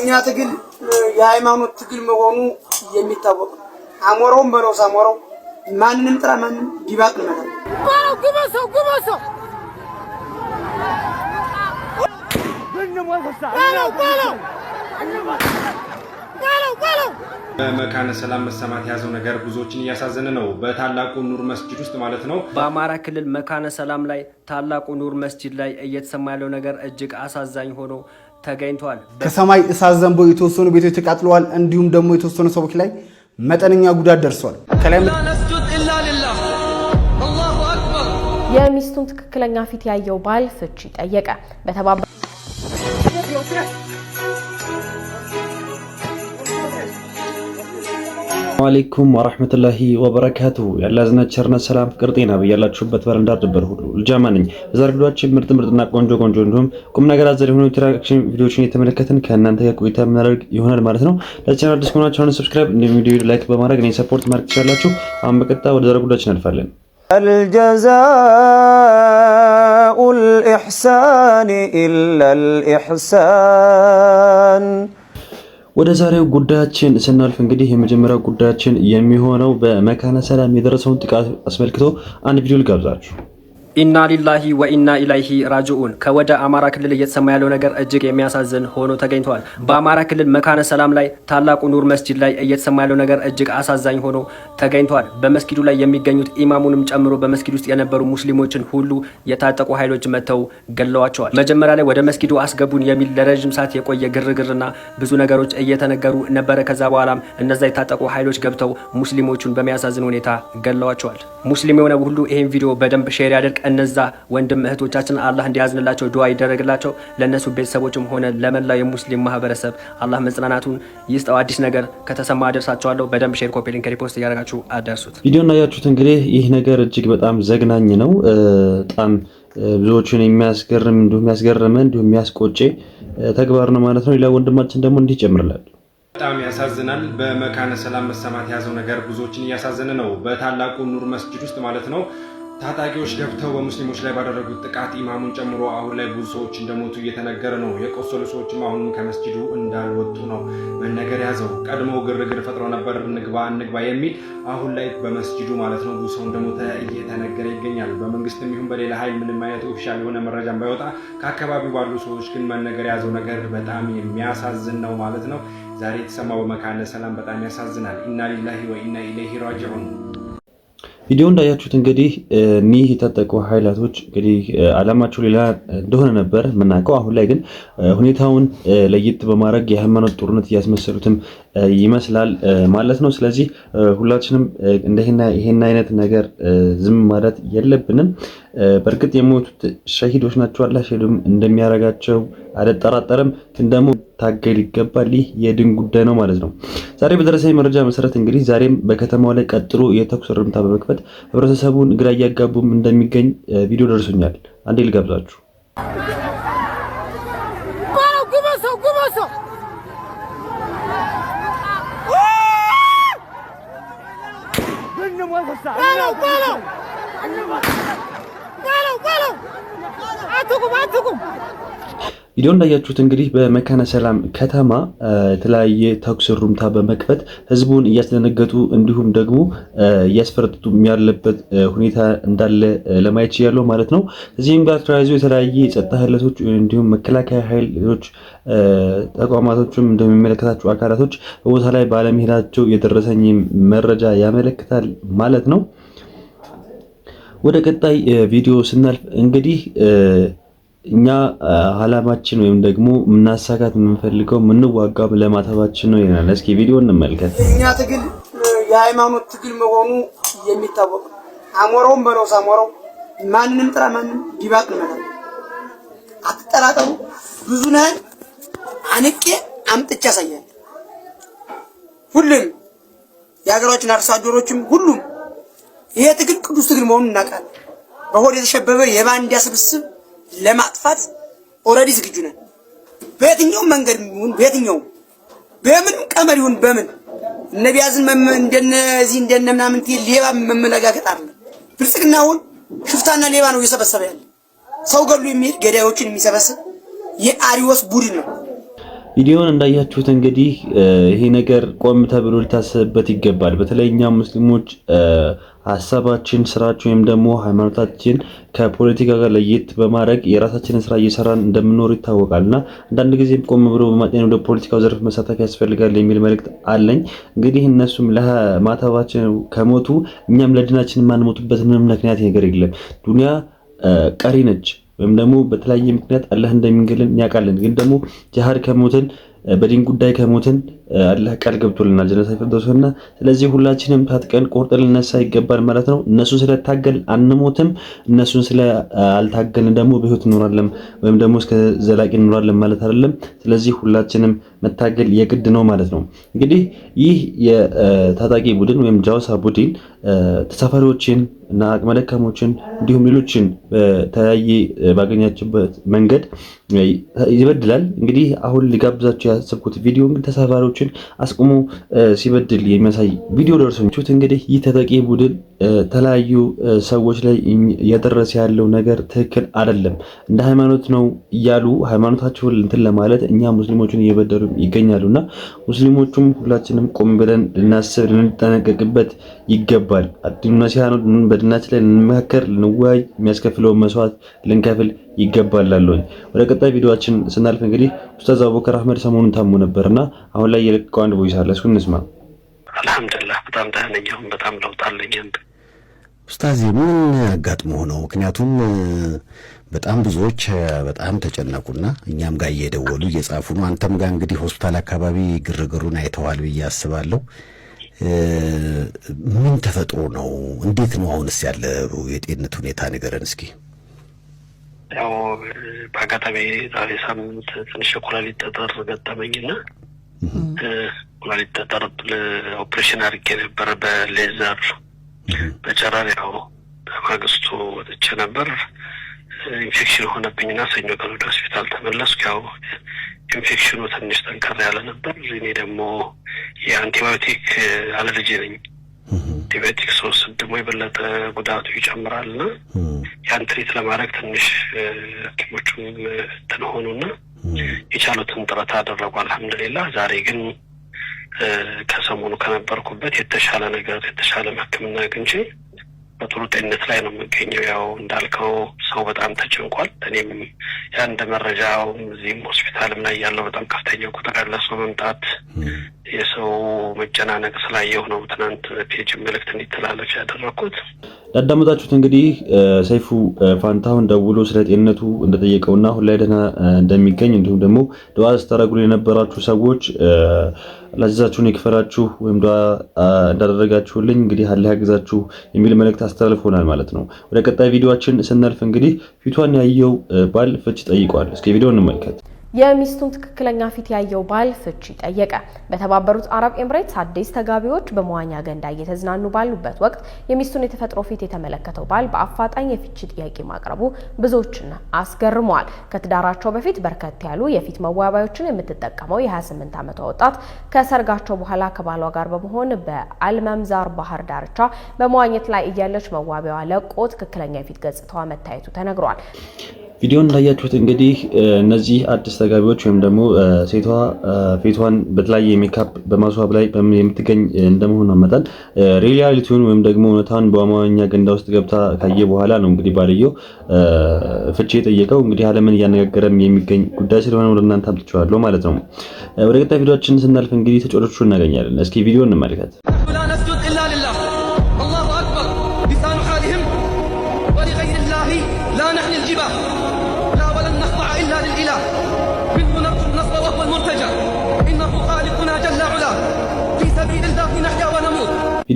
የእኛ ትግል የሃይማኖት ትግል መሆኑ የሚታወቅ ነው። አሞራውም በለው ሳሞራው ማንንም ጥራ ማንም ዲባቅ ነው በመካነ ሰላም መሰማት የያዘው ነገር ብዙዎችን እያሳዘነ ነው። በታላቁ ኑር መስጂድ ውስጥ ማለት ነው። በአማራ ክልል መካነ ሰላም ላይ ታላቁ ኑር መስጂድ ላይ እየተሰማ ያለው ነገር እጅግ አሳዛኝ ሆኖ ተገኝቷል። ከሰማይ እሳት ዘንቦ የተወሰኑ ቤቶች ተቃጥለዋል። እንዲሁም ደግሞ የተወሰኑ ሰዎች ላይ መጠነኛ ጉዳት ደርሷል። የሚስቱን ትክክለኛ ፊት ያየው ባል ፍቺ ጠየቀ። አለይኩም ወራህመቱላሂ ወበረካቱ ያለ ዝና ቸርነት ሰላም ፍቅር ጤና በያላችሁበት በረንዳ ድበር ሁሉ ልጃማ ነኝ። በዛሬው ቪዲዮአችን ምርጥ ምርጥና ቆንጆ ቆንጆ እንዲሁም ቁም ነገር አዘል የሆኑ ኢንተራክሽን ቪዲዮዎችን እየተመለከትን ከእናንተ ጋር ቆይታ የምናደርግ ይሆናል ማለት ነው። ለቻናል አዲስ ከሆናችሁ አሁን ሰብስክራይብ እንዲሁም ቪዲዮ ላይክ በማድረግ እኔ ሰፖርት ማድረግ ትችላላችሁ። አሁን በቀጥታ ወደ ዛሬው ጉዳያችን እናልፋለን። አልጀዛኡል ኢሕሳን ኢለል ኢሕሳን ወደ ዛሬው ጉዳያችን ስናልፍ እንግዲህ የመጀመሪያው ጉዳያችን የሚሆነው በመካነ ሰላም የደረሰውን ጥቃት አስመልክቶ አንድ ቪዲዮ ልጋብዛችሁ። ኢና ሊላሂ ወኢና ኢላይሂ ራጅኡን። ከወደ አማራ ክልል እየተሰማ ያለው ነገር እጅግ የሚያሳዝን ሆኖ ተገኝቷል። በአማራ ክልል መካነ ሰላም ላይ ታላቁ ኑር መስጂድ ላይ እየተሰማ ያለው ነገር እጅግ አሳዛኝ ሆኖ ተገኝቷል። በመስጊዱ ላይ የሚገኙት ኢማሙንም ጨምሮ በመስጊድ ውስጥ የነበሩ ሙስሊሞችን ሁሉ የታጠቁ ኃይሎች መጥተው ገለዋቸዋል። መጀመሪያ ላይ ወደ መስጊዱ አስገቡን የሚል ለረዥም ሰዓት የቆየ ግርግርና ብዙ ነገሮች እየተነገሩ ነበረ። ከዛ በኋላም እነዛ የታጠቁ ኃይሎች ገብተው ሙስሊሞቹን በሚያሳዝን ሁኔታ ገለዋቸዋል። ሙስሊም የሆነ ሁሉ ይህን ቪዲዮ በደንብ ሼር ያደርግ እነዛ ወንድም እህቶቻችን አላህ እንዲያዝንላቸው ዱዓ ይደረግላቸው። ለእነሱ ቤተሰቦችም ሆነ ለመላው የሙስሊም ማህበረሰብ አላህ መጽናናቱን ይስጠው። አዲስ ነገር ከተሰማ አደርሳቸዋለሁ። በደንብ ሼር፣ ኮፒ ሊንክ፣ ሪፖስት እያደረጋችሁ አደርሱት። ቪዲዮ እንዳያችሁት እንግዲህ ይህ ነገር እጅግ በጣም ዘግናኝ ነው። በጣም ብዙዎችን የሚያስገርም እንዲሁም የሚያስገርመ እንዲሁም የሚያስቆጨ ተግባር ነው ማለት ነው። ሌላ ወንድማችን ደግሞ እንዲህ ይጨምርላል። በጣም ያሳዝናል። በመካነ ሰላም መሰማት የያዘው ነገር ብዙዎችን እያሳዘነ ነው። በታላቁ ኑር መስጅድ ውስጥ ማለት ነው ታጣቂዎች ገብተው በሙስሊሞች ላይ ባደረጉት ጥቃት ኢማሙን ጨምሮ አሁን ላይ ብዙ ሰዎች እንደሞቱ እየተነገረ ነው። የቆሰሉ ሰዎችም አሁንም ከመስጂዱ እንዳልወጡ ነው መነገር ያዘው። ቀድሞ ግርግር ፈጥሮ ነበር እንግባ እንግባ የሚል አሁን ላይ በመስጂዱ ማለት ነው ብዙ ሰው እንደሞተ እየተነገረ ይገኛል። በመንግስትም ይሁን በሌላ ኃይል ምንም አይነት ኦፊሻል የሆነ መረጃ ባይወጣ ከአካባቢው ባሉ ሰዎች ግን መነገር ያዘው ነገር በጣም የሚያሳዝን ነው ማለት ነው። ዛሬ የተሰማው በመካነ ሰላም በጣም ያሳዝናል። ኢና ሊላሂ ወኢና ኢለይሂ ራጂዑን ቪዲዮ እንዳያችሁት እንግዲህ እኒህ የታጠቁ ኃይላቶች እንግዲህ አላማቸው ሌላ እንደሆነ ነበር የምናውቀው። አሁን ላይ ግን ሁኔታውን ለየት በማድረግ የሃይማኖት ጦርነት እያስመሰሉትም ይመስላል ማለት ነው። ስለዚህ ሁላችንም እንደና ይሄን አይነት ነገር ዝም ማለት የለብንም። በእርግጥ የሞቱት ሸሂዶች ናቸው። አላህ ሸሂድም እንደሚያደርጋቸው አልጠራጠርም። ግን ደግሞ ታገል ይገባል። ይህ የድን ጉዳይ ነው ማለት ነው። ዛሬ በደረሰኝ መረጃ መሰረት እንግዲህ ዛሬም በከተማው ላይ ቀጥሎ የተኩስ እርምታ በመክፈት ህብረተሰቡን ግራ እያጋቡም እንደሚገኝ ቪዲዮ ደርሶኛል። አንዴ ልጋብዛችሁ። was offside. Follow, follow. Follow, follow. Atukum, atukum. ቪዲዮ እንዳያችሁት እንግዲህ በመካነ ሰላም ከተማ የተለያየ ተኩስ ሩምታ በመክፈት ህዝቡን እያስደነገጡ እንዲሁም ደግሞ እያስፈረጥጡ ያለበት ሁኔታ እንዳለ ለማየት ችያለሁ ማለት ነው። እዚህም ጋር ተያይዞ የተለያየ የጸጥታ ኃይለቶች እንዲሁም መከላከያ ኃይሎች ተቋማቶችም እንደሚመለከታቸው አካላቶች በቦታ ላይ ባለመሄዳቸው የደረሰኝ መረጃ ያመለክታል ማለት ነው። ወደ ቀጣይ ቪዲዮ ስናልፍ እንግዲህ እኛ አላማችን ወይም ደግሞ ምናሳካት የምንፈልገው ምንዋጋው ለማተባችን ነው ይላል። እስኪ ቪዲዮ እንመልከት። እኛ ትግል የሃይማኖት ትግል መሆኑ የሚታወቅ አሞረውም በለው ሳሞረው ማንንም ጥራ ማንም ዲባቅ ነው። አትጠራጠሩ። ብዙ ነህ አንቄ አምጥቼ ያሳያል። ሁሉም የሀገራችን አርሶ አደሮችም ሁሉም ይሄ ትግል ቅዱስ ትግል መሆኑን እናውቃለን። በሆድ የተሸበበ የባንዲያ ስብስብ ለማጥፋት ኦልሬዲ ዝግጁ ነን። በየትኛውም መንገድ ይሁን በየትኛውም በምን ቀመር ይሁን በምን እነቢያዝን እንደነዚህ እንደነ ምናምን ሌባ መመለጋገጥ አለ። ብልጽግና አሁን ሽፍታና ሌባ ነው እየሰበሰበ ያለ ሰው ገሉ የሚሄድ ገዳዮችን የሚሰበስብ የአሪዎስ ቡድን ነው። ቪዲዮውን እንዳያችሁት እንግዲህ ይሄ ነገር ቆም ተብሎ ሊታሰብበት ይገባል። በተለይ እኛ ሙስሊሞች ሀሳባችን፣ ስራችን ወይም ደግሞ ሃይማኖታችን ከፖለቲካ ጋር ለየት በማድረግ የራሳችንን ስራ እየሰራን እንደምኖር ይታወቃል እና አንዳንድ ጊዜም ቆም ብሎ በማጤን ወደ ፖለቲካው ዘርፍ መሳተፍ ያስፈልጋል የሚል መልእክት አለኝ። እንግዲህ እነሱም ለማተባችን ከሞቱ እኛም ለድናችን የማንሞቱበት ምንም ምክንያት ነገር የለም። ዱኒያ ቀሪ ነች። ወይም ደግሞ በተለያየ ምክንያት አላህ እንደሚገልን ያውቃለን። ግን ደግሞ ጃሃድ ከሞትን በዲን ጉዳይ ከሞትን አላህ ቃል ገብቶልናል ጀነት ፈርደውስና። ስለዚህ ሁላችንም ታጥቀን ቆርጠን ልነሳ ይገባል ማለት ነው። እነሱን ስለታገል አንሞትም። እነሱን ስለአልታገልን ደግሞ በህይወት እንኖራለን ወይም ደግሞ እስከ ዘላቂ እንኖራለን ማለት አይደለም። ስለዚህ ሁላችንም መታገል የግድ ነው ማለት ነው። እንግዲህ ይህ የታጣቂ ቡድን ወይም ጃውሳ ቡድን ተሳፋሪዎችን እና አቅመ ደካሞችን እንዲሁም ሌሎችን በተለያየ ባገኛቸበት መንገድ ይበድላል። እንግዲህ አሁን ሊጋብዛቸው ያሰብኩት ቪዲዮ እንግዲህ ተሳፋሪዎች ሰዎችን አስቁሞ ሲበድል የሚያሳይ ቪዲዮ ደርሶችት እንግዲህ ይህ ተጠቂ ቡድን ተለያዩ ሰዎች ላይ እያደረሰ ያለው ነገር ትክክል አይደለም፣ እንደ ሃይማኖት ነው እያሉ ሃይማኖታቸውን እንትን ለማለት እኛ ሙስሊሞቹን እየበደሉ ይገኛሉ እና ሙስሊሞቹም ሁላችንም ቆም ብለን ልናስብ ልንጠነቀቅበት ይገባል። አዲኑ ነሲሃ ነው። በድናችን ላይ ልንመካከር፣ ልንወያይ፣ የሚያስከፍለውን መስዋዕት ልንከፍል ይገባል ወደ ቀጣይ ቪዲዮአችን ስናልፍ እንግዲህ ኡስታዝ አቡበከር አህመድ ሰሞኑን ታሞ ነበርና አሁን ላይ የለቀቀው አንድ ቦይስ አለ፣ እሱን እንስማ። አልሐምዱሊላህ በጣም ደህና ነኝ። አሁን በጣም ለውጥ አለኝ። ኡስታዝ ምን አጋጥሞ ነው? ምክንያቱም በጣም ብዙዎች በጣም ተጨነቁና እኛም ጋር እየደወሉ እየጻፉ ነው። አንተም ጋር እንግዲህ ሆስፒታል አካባቢ ግርግሩን አይተዋል ብዬ አስባለሁ። ምን ተፈጥሮ ነው? እንዴት ነው አሁንስ ያለ የጤንነት ሁኔታ ንገረን እስኪ። ያው በአጋጣሚ ዛሬ ሳምንት ትንሽ የኩላሊት ጠጠር ገጠመኝና ኩላሊት ጠጠር ኦፕሬሽን አድርጌ ነበረ በሌዘር በጨረር ያው በማግስቱ ወጥቼ ነበር። ኢንፌክሽን ሆነብኝና ሰኞ ቀን ወደ ሆስፒታል ተመለስኩ። ያው ኢንፌክሽኑ ትንሽ ጠንከር ያለ ነበር። እኔ ደግሞ የአንቲባዮቲክ አለርጂ ነኝ። አንቲባዮቲክ ሶስት ደግሞ የበለጠ ጉዳቱ ይጨምራል ይጨምራልና ያን ትሪት ለማድረግ ትንሽ ሐኪሞቹም ትንሆኑ ና የቻሉትን ጥረት አደረጉ። አልሐምዱሊላ ዛሬ ግን ከሰሞኑ ከነበርኩበት የተሻለ ነገር የተሻለ ሕክምና አግኝቼ በጥሩ ጤንነት ላይ ነው የሚገኘው ያው እንዳልከው ሰው በጣም ተጨንቋል። እኔም ያ እንደ መረጃው እዚህም ሆስፒታልም ላይ ያለው በጣም ከፍተኛ ቁጥር ያለ ሰው መምጣት የሰው መጨናነቅ ስላየሁ ነው ትናንት ፔጅ መልእክት እንዲተላለፍ ያደረግኩት። እንዳዳመጣችሁት እንግዲህ ሰይፉ ፋንታሁን ደውሎ ስለ ጤንነቱ እንደጠየቀውና አሁን ላይ ደህና እንደሚገኝ እንዲሁም ደግሞ ድዋ ስታደርጉ የነበራችሁ ሰዎች ላዘዛችሁን ይክፈላችሁ ወይም ድዋ እንዳደረጋችሁልኝ እንግዲህ አለ ያግዛችሁ የሚል መልእክት አስተላልፎናል ማለት ነው። ወደ ቀጣይ ቪዲዮችን ስናልፍ እንግዲህ ፊቷን ያየው ባል ፍች ጠይቋል። እስኪ ቪዲዮ እንመልከት። የሚስቱን ትክክለኛ ፊት ያየው ባል ፍቺ ጠየቀ። በተባበሩት አረብ ኤምሬትስ አዲስ ተጋቢዎች በመዋኛ ገንዳ እየተዝናኑ ባሉበት ወቅት የሚስቱን የተፈጥሮ ፊት የተመለከተው ባል በአፋጣኝ የፍቺ ጥያቄ ማቅረቡ ብዙዎችን አስገርመዋል። ከትዳራቸው በፊት በርከት ያሉ የፊት መዋቢያዎችን የምትጠቀመው የ28 ዓመቷ ወጣት ከሰርጋቸው በኋላ ከባሏ ጋር በመሆን በአልመምዛር ባህር ዳርቻ በመዋኘት ላይ እያለች መዋቢያዋ ለቆ ትክክለኛ የፊት ገጽታዋ መታየቱ ተነግሯል። ቪዲዮን እንዳያችሁት እንግዲህ እነዚህ አዲስ ተጋቢዎች ወይም ደግሞ ሴቷ ፊቷን በተለያየ ሜካፕ በማስዋብ ላይ የምትገኝ እንደመሆኗ መጠን ሪያሊቲውን ወይም ደግሞ እውነታን በማዋኛ ገንዳ ውስጥ ገብታ ካየ በኋላ ነው እንግዲህ ባልየው ፍቺ የጠየቀው። እንግዲህ ዓለምን እያነጋገረም የሚገኝ ጉዳይ ስለሆነ ወደ እናንተ አምጥቼዋለሁ ማለት ነው። ወደ ቀጣይ ቪዲዮችን ስናልፍ እንግዲህ ተጫዋቾቹን እናገኛለን። እስኪ ቪዲዮ እንመልከት።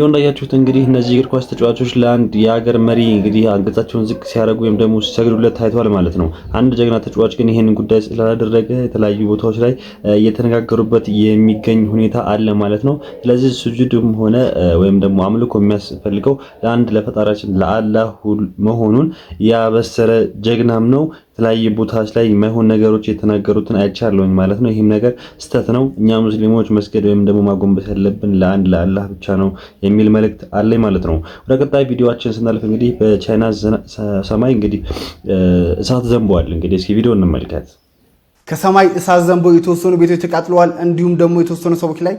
ቪዲዮ እንዳያችሁት እንግዲህ እነዚህ እግር ኳስ ተጫዋቾች ለአንድ የሀገር መሪ እንግዲህ አንገታቸውን ዝቅ ሲያደርጉ ወይም ደግሞ ሲሰግዱለት ታይቷል ማለት ነው። አንድ ጀግና ተጫዋች ግን ይህንን ጉዳይ ስላላደረገ የተለያዩ ቦታዎች ላይ እየተነጋገሩበት የሚገኝ ሁኔታ አለ ማለት ነው። ስለዚህ ስጁድም ሆነ ወይም ደግሞ አምልኮ የሚያስፈልገው ለአንድ ለፈጣሪያችን ለአላህ መሆኑን ያበሰረ ጀግናም ነው። የተለያየ ቦታዎች ላይ የማይሆን ነገሮች የተናገሩትን አይቻለውኝ ማለት ነው። ይህም ነገር ስተት ነው። እኛ ሙስሊሞች መስገድ ወይም ደግሞ ማጎንበስ ያለብን ለአንድ ለአላህ ብቻ ነው የሚል መልእክት አለኝ ማለት ነው። ወደ ቀጣይ ቪዲዮችን ስናልፍ እንግዲህ በቻይና ሰማይ እንግዲህ እሳት ዘንበዋል። እንግዲህ እስኪ ቪዲዮ እንመልከት። ከሰማይ እሳት ዘንቦ የተወሰኑ ቤቶች ተቃጥለዋል። እንዲሁም ደግሞ የተወሰኑ ሰዎች ላይ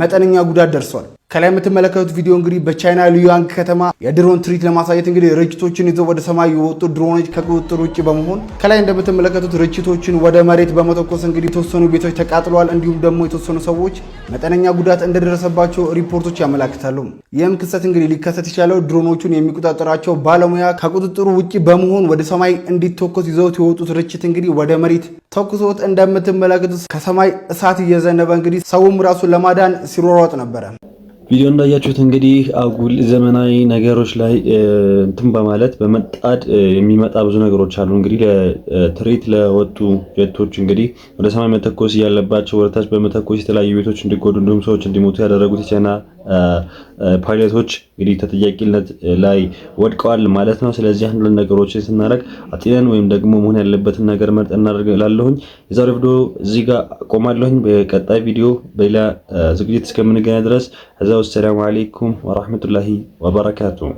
መጠነኛ ጉዳት ደርሷል። ከላይ የምትመለከቱት ቪዲዮ እንግዲህ በቻይና ሉያንግ ከተማ የድሮን ትርኢት ለማሳየት እንግዲህ ርችቶችን ይዘው ወደ ሰማይ የወጡ ድሮኖች ከቁጥጥር ውጭ በመሆን ከላይ እንደምትመለከቱት ርችቶችን ወደ መሬት በመተኮስ እንግዲህ የተወሰኑ ቤቶች ተቃጥለዋል፣ እንዲሁም ደግሞ የተወሰኑ ሰዎች መጠነኛ ጉዳት እንደደረሰባቸው ሪፖርቶች ያመላክታሉ። ይህም ክስተት እንግዲህ ሊከሰት የቻለው ድሮኖቹን የሚቆጣጠራቸው ባለሙያ ከቁጥጥሩ ውጭ በመሆን ወደ ሰማይ እንዲተኮስ ይዘውት የወጡት ርችት እንግዲህ ወደ መሬት ተኩሶት እንደምትመለከቱት ከሰማይ እሳት እየዘነበ እንግዲህ ሰውም ራሱን ለማዳን ሲሯሯጥ ነበረ። ቪዲዮ እንዳያችሁት እንግዲህ አጉል ዘመናዊ ነገሮች ላይ እንትን በማለት በመጣድ የሚመጣ ብዙ ነገሮች አሉ። እንግዲህ ለትርኢት ለወጡ ጀቶች እንግዲህ ወደ ሰማይ መተኮስ እያለባቸው ወደታች በመተኮስ የተለያዩ ቤቶች እንዲጎዱ እንዲሁም ሰዎች እንዲሞቱ ያደረጉት የቻይና ፓይለቶች እንግዲህ ተጠያቂነት ላይ ወድቀዋል ማለት ነው። ስለዚህ አንዱ ነገሮችን ስናደርግ አጢነን ወይም ደግሞ መሆን ያለበትን ነገር መርጠን እናደርግ ላለሁኝ። የዛሬ ቪዲዮ እዚህ ጋር አቆማለሁኝ። በቀጣይ ቪዲዮ በሌላ ዝግጅት እስከምንገናኝ ድረስ እዛው ሰላም አሌይኩም ወራህመቱላሂ ወበረካቱ።